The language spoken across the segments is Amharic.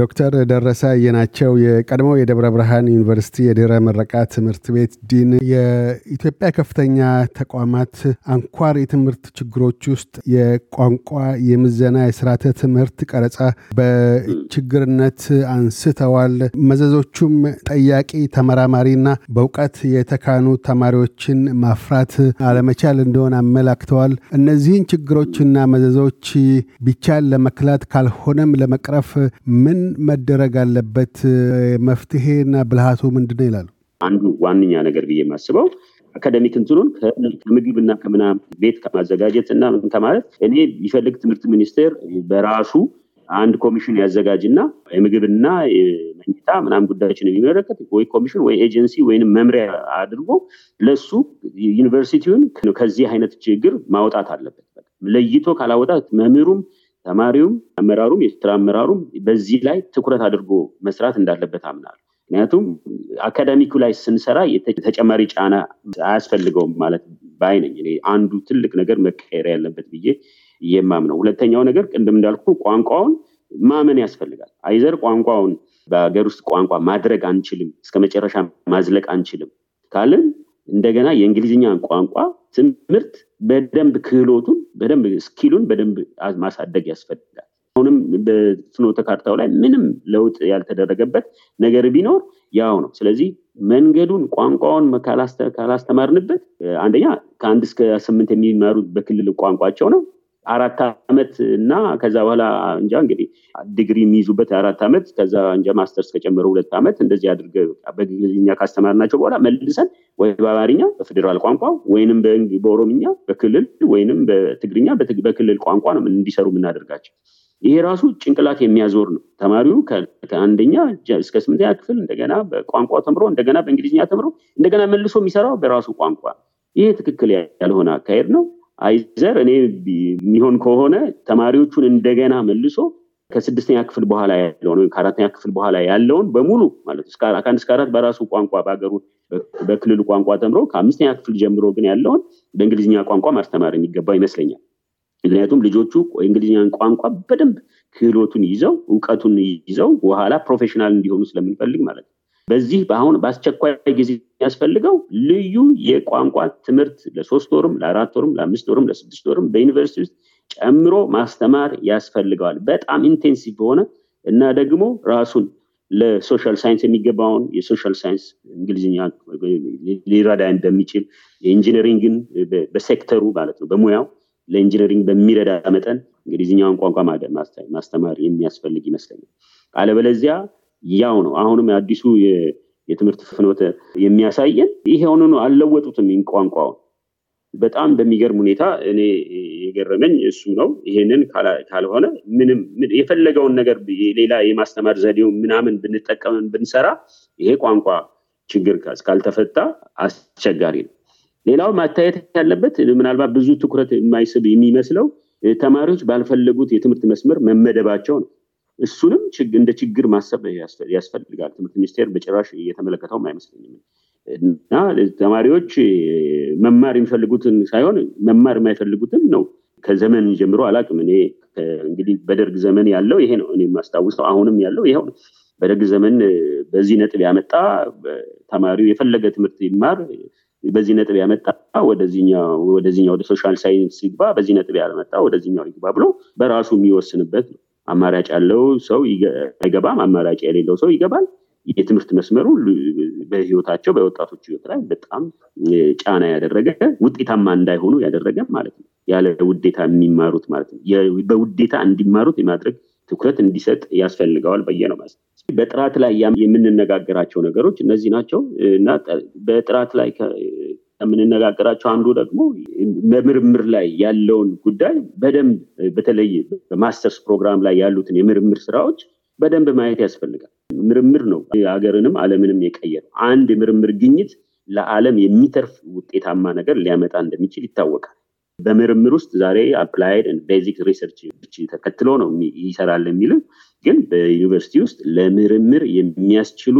ዶክተር ደረሰ የናቸው የቀድሞው የደብረ ብርሃን ዩኒቨርሲቲ የድረ ምረቃ ትምህርት ቤት ዲን። የኢትዮጵያ ከፍተኛ ተቋማት አንኳር የትምህርት ችግሮች ውስጥ የቋንቋ የምዘና፣ የስርዓተ ትምህርት ቀረጻ በችግርነት አንስተዋል። መዘዞቹም ጠያቂ ተመራማሪና በእውቀት የተካኑ ተማሪዎችን ማፍራት አለመቻል እንደሆነ አመላክተዋል። እነዚህን ችግሮችና መዘዞች ቢቻል ለመክላት ካልሆነም ለመቅረፍ ምን መደረግ አለበት? መፍትሄና ብልሃቱ ምንድን ነው ይላሉ። አንዱ ዋነኛ ነገር ብዬ የማስበው አካደሚክ እንትኑን ከምግብና ከምና ቤት ከማዘጋጀት እና ከማለት እኔ ይፈልግ ትምህርት ሚኒስቴር በራሱ አንድ ኮሚሽን ያዘጋጅና የምግብና የመኝታ ምናም ጉዳዮችን የሚመለከት ወይ ኮሚሽን ወይ ኤጀንሲ ወይም መምሪያ አድርጎ ለሱ ዩኒቨርሲቲውን ከዚህ አይነት ችግር ማውጣት አለበት። ለይቶ ካላወጣት መምህሩም ተማሪውም አመራሩም የስራ አመራሩም በዚህ ላይ ትኩረት አድርጎ መስራት እንዳለበት አምናል። ምክንያቱም አካዳሚኩ ላይ ስንሰራ ተጨማሪ ጫና አያስፈልገውም ማለት በአይ ነኝ። አንዱ ትልቅ ነገር መቀየር ያለበት ብዬ የማምነው። ሁለተኛው ነገር ቅድም እንዳልኩ ቋንቋውን ማመን ያስፈልጋል። አይዘር ቋንቋውን በሀገር ውስጥ ቋንቋ ማድረግ አንችልም፣ እስከ መጨረሻ ማዝለቅ አንችልም ካልን እንደገና የእንግሊዝኛ ቋንቋ ትምህርት በደንብ ክህሎቱን በደንብ ስኪሉን በደንብ ማሳደግ ያስፈልጋል። አሁንም በፍኖተ ካርታው ላይ ምንም ለውጥ ያልተደረገበት ነገር ቢኖር ያው ነው። ስለዚህ መንገዱን ቋንቋውን ካላስተማርንበት አንደኛ ከአንድ እስከ ስምንት የሚማሩት በክልል ቋንቋቸው ነው። አራት ዓመት እና ከዛ በኋላ እንጃ እንግዲህ ዲግሪ የሚይዙበት አራት ዓመት ከዛ እንጃ ማስተርስ ከጨመረ ሁለት ዓመት እንደዚህ አድርገ በእንግሊዝኛ ካስተማርናቸው በኋላ መልሰን ወይ በአማርኛ በፌዴራል ቋንቋ ወይንም በኦሮምኛ በክልል ወይንም በትግርኛ በክልል ቋንቋ ነው እንዲሰሩ የምናደርጋቸው። ይሄ ራሱ ጭንቅላት የሚያዞር ነው። ተማሪው ከአንደኛ እስከ ስምንተኛ ክፍል እንደገና በቋንቋ ተምሮ እንደገና በእንግሊዝኛ ተምሮ እንደገና መልሶ የሚሰራው በራሱ ቋንቋ ይሄ ትክክል ያልሆነ አካሄድ ነው። አይዘር እኔ የሚሆን ከሆነ ተማሪዎቹን እንደገና መልሶ ከስድስተኛ ክፍል በኋላ ያለውን ወይም ከአራተኛ ክፍል በኋላ ያለውን በሙሉ ማለት ከአንድ እስከ አራት በራሱ ቋንቋ በሀገሩ በክልሉ ቋንቋ ተምሮ ከአምስተኛ ክፍል ጀምሮ ግን ያለውን በእንግሊዝኛ ቋንቋ ማስተማር የሚገባ ይመስለኛል። ምክንያቱም ልጆቹ የእንግሊዝኛን ቋንቋ በደንብ ክህሎቱን ይዘው እውቀቱን ይዘው በኋላ ፕሮፌሽናል እንዲሆኑ ስለምንፈልግ ማለት ነው። በዚህ በአሁን በአስቸኳይ ጊዜ የሚያስፈልገው ልዩ የቋንቋ ትምህርት ለሶስት ወርም ለአራት ወርም ለአምስት ወርም ለስድስት ወርም በዩኒቨርሲቲ ውስጥ ጨምሮ ማስተማር ያስፈልገዋል። በጣም ኢንቴንሲቭ በሆነ እና ደግሞ ራሱን ለሶሻል ሳይንስ የሚገባውን የሶሻል ሳይንስ እንግሊዝኛ ሊረዳ እንደሚችል የኢንጂነሪንግን በሴክተሩ ማለት ነው በሙያው ለኢንጂነሪንግ በሚረዳ መጠን እንግሊዝኛውን ቋንቋ ማስተማር የሚያስፈልግ ይመስለኛል። አለበለዚያ ያው ነው። አሁንም አዲሱ የትምህርት ፍኖተ የሚያሳየን ይሄውን ነው። አልለወጡትም ቋንቋውን በጣም በሚገርም ሁኔታ እኔ የገረመኝ እሱ ነው። ይሄንን ካልሆነ ምንም የፈለገውን ነገር ሌላ የማስተማር ዘዴው ምናምን ብንጠቀምን ብንሰራ ይሄ ቋንቋ ችግር እስካልተፈታ አስቸጋሪ ነው። ሌላው ማታየት ያለበት ምናልባት ብዙ ትኩረት የማይስብ የሚመስለው ተማሪዎች ባልፈለጉት የትምህርት መስመር መመደባቸው ነው። እሱንም እንደ ችግር ማሰብ ያስፈልጋል። ትምህርት ሚኒስቴር በጭራሽ እየተመለከተውም አይመስለኝም። እና ተማሪዎች መማር የሚፈልጉትን ሳይሆን መማር የማይፈልጉትን ነው። ከዘመን ጀምሮ አላቅም እኔ እንግዲህ በደርግ ዘመን ያለው ይሄ ነው እኔ ማስታውሰው አሁንም ያለው ይኸው ነው። በደርግ ዘመን በዚህ ነጥብ ያመጣ ተማሪው የፈለገ ትምህርት ይማር በዚህ ነጥብ ያመጣ ወደዚህኛው ወደ ሶሻል ሳይንስ ይግባ፣ በዚህ ነጥብ ያመጣ ወደዚኛው ይግባ ብሎ በራሱ የሚወስንበት ነው። አማራጭ ያለው ሰው አይገባም፣ አማራጭ የሌለው ሰው ይገባል። የትምህርት መስመሩ በህይወታቸው በወጣቶች ህይወት ላይ በጣም ጫና ያደረገ ውጤታማ እንዳይሆኑ ያደረገ ማለት ነው። ያለ ውዴታ የሚማሩት ማለት ነው። በውዴታ እንዲማሩት የማድረግ ትኩረት እንዲሰጥ ያስፈልገዋል በየነው ማለት በጥራት ላይ የምንነጋገራቸው ነገሮች እነዚህ ናቸው እና በጥራት ላይ ከምንነጋገራቸው አንዱ ደግሞ በምርምር ላይ ያለውን ጉዳይ በደንብ በተለይ በማስተርስ ፕሮግራም ላይ ያሉትን የምርምር ስራዎች በደንብ ማየት ያስፈልጋል። ምርምር ነው ሀገርንም አለምንም የቀየረው። አንድ የምርምር ግኝት ለዓለም የሚተርፍ ውጤታማ ነገር ሊያመጣ እንደሚችል ይታወቃል። በምርምር ውስጥ ዛሬ አፕላይድ ቤዚክ ሪሰርች ተከትሎ ነው ይሰራል የሚልም ግን በዩኒቨርሲቲ ውስጥ ለምርምር የሚያስችሉ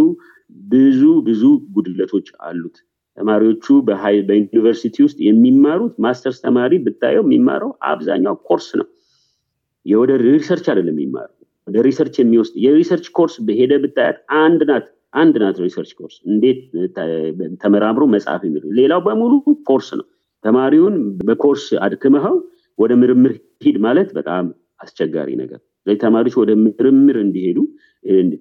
ብዙ ብዙ ጉድለቶች አሉት። ተማሪዎቹ በዩኒቨርሲቲ ውስጥ የሚማሩት ማስተርስ ተማሪ ብታየው የሚማረው አብዛኛው ኮርስ ነው የወደ ሪሰርች አይደለም የሚማሩ ወደ ሪሰርች የሚወስድ የሪሰርች ኮርስ በሄደ ብታያት አንድ ናት አንድ ናት ሪሰርች ኮርስ እንዴት ተመራምሮ መጽሐፍ የሚል ሌላው በሙሉ ኮርስ ነው ተማሪውን በኮርስ አድክመኸው ወደ ምርምር ሂድ ማለት በጣም አስቸጋሪ ነገር ስለዚህ ተማሪዎች ወደ ምርምር እንዲሄዱ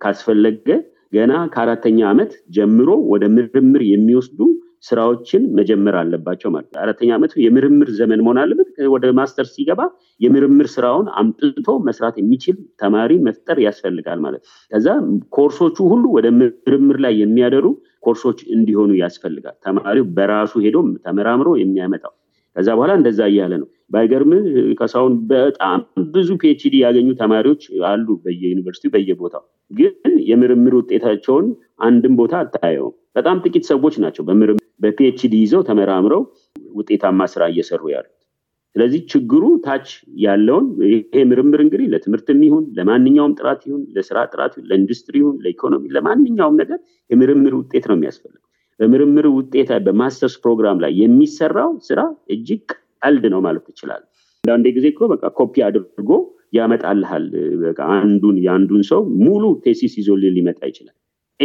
ካስፈለገ ገና ከአራተኛ ዓመት ጀምሮ ወደ ምርምር የሚወስዱ ስራዎችን መጀመር አለባቸው ማለት አራተኛ ዓመቱ የምርምር ዘመን መሆን አለበት። ወደ ማስተር ሲገባ የምርምር ስራውን አምጥቶ መስራት የሚችል ተማሪ መፍጠር ያስፈልጋል ማለት ከዛ ኮርሶቹ ሁሉ ወደ ምርምር ላይ የሚያደሩ ኮርሶች እንዲሆኑ ያስፈልጋል። ተማሪው በራሱ ሄዶ ተመራምሮ የሚያመጣው ከዛ በኋላ እንደዛ እያለ ነው። ባይገርም ከሳሁን በጣም ብዙ ፒኤችዲ ያገኙ ተማሪዎች አሉ በየዩኒቨርሲቲው በየቦታው ግን የምርምር ውጤታቸውን አንድም ቦታ አታየውም። በጣም ጥቂት ሰዎች ናቸው በፒችዲ ይዘው ተመራምረው ውጤታማ ስራ እየሰሩ ያሉት። ስለዚህ ችግሩ ታች ያለውን ይሄ ምርምር እንግዲህ ለትምህርት ይሁን ለማንኛውም ጥራት ይሁን ለስራ ጥራት ይሁን ለኢንዱስትሪ ይሁን ለኢኮኖሚ ለማንኛውም ነገር የምርምር ውጤት ነው የሚያስፈልገው። በምርምር ውጤት በማስተርስ ፕሮግራም ላይ የሚሰራው ስራ እጅግ ቀልድ ነው ማለት ይችላል። አንዳንዴ ጊዜ እኮ በቃ ኮፒ አድርጎ ያመጣልሃል። አንዱን የአንዱን ሰው ሙሉ ቴሲስ ይዞልህ ሊመጣ ይችላል።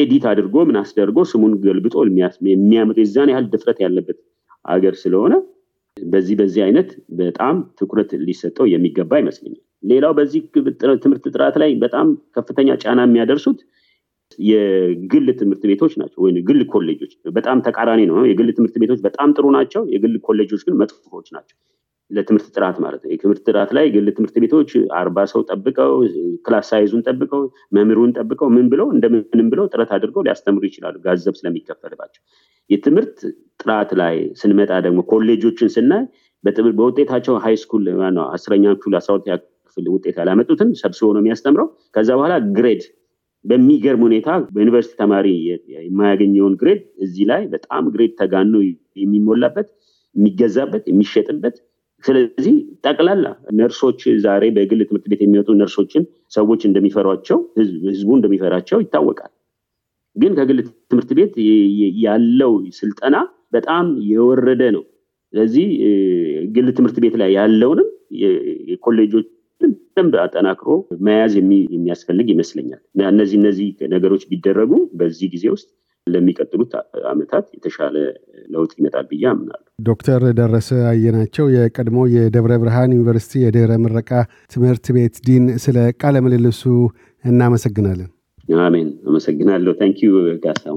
ኤዲት አድርጎ ምን አስደርጎ ስሙን ገልብጦ የሚያመጡ የዛን ያህል ድፍረት ያለበት አገር ስለሆነ በዚህ በዚህ አይነት በጣም ትኩረት ሊሰጠው የሚገባ ይመስለኛል። ሌላው በዚህ ትምህርት ጥራት ላይ በጣም ከፍተኛ ጫና የሚያደርሱት የግል ትምህርት ቤቶች ናቸው ወይ ግል ኮሌጆች በጣም ተቃራኒ ነው የግል ትምህርት ቤቶች በጣም ጥሩ ናቸው የግል ኮሌጆች ግን መጥፎች ናቸው ለትምህርት ጥራት ማለት ነው የትምህርት ጥራት ላይ ግል ትምህርት ቤቶች አርባ ሰው ጠብቀው ክላስ ሳይዙን ጠብቀው መምሩን ጠብቀው ምን ብለው እንደምንም ብለው ጥረት አድርገው ሊያስተምሩ ይችላሉ ጋዘብ ስለሚከፈልባቸው የትምህርት ጥራት ላይ ስንመጣ ደግሞ ኮሌጆችን ስናይ በውጤታቸው ሃይስኩል አስረኛ ክፍል አስራ ክፍል ውጤት ያላመጡትን ሰብስቦ ነው የሚያስተምረው ከዛ በኋላ ግሬድ በሚገርም ሁኔታ በዩኒቨርሲቲ ተማሪ የማያገኘውን ግሬድ እዚህ ላይ በጣም ግሬድ ተጋኖ የሚሞላበት የሚገዛበት የሚሸጥበት ስለዚህ ጠቅላላ ነርሶች ዛሬ በግል ትምህርት ቤት የሚወጡ ነርሶችን ሰዎች እንደሚፈሯቸው ህዝቡ እንደሚፈራቸው ይታወቃል ግን ከግል ትምህርት ቤት ያለው ስልጠና በጣም የወረደ ነው ስለዚህ ግል ትምህርት ቤት ላይ ያለውንም የኮሌጆች በደንብ አጠናክሮ መያዝ የሚያስፈልግ ይመስለኛል እነዚህ እነዚህ ነገሮች ቢደረጉ በዚህ ጊዜ ውስጥ ለሚቀጥሉት አመታት የተሻለ ለውጥ ይመጣል ብዬ አምናለሁ። ዶክተር ደረሰ አየናቸው የቀድሞ የደብረ ብርሃን ዩኒቨርሲቲ የድህረ ምረቃ ትምህርት ቤት ዲን፣ ስለ ቃለ ምልልሱ እናመሰግናለን። አሜን። አመሰግናለሁ። ታንኪዩ ጋሳው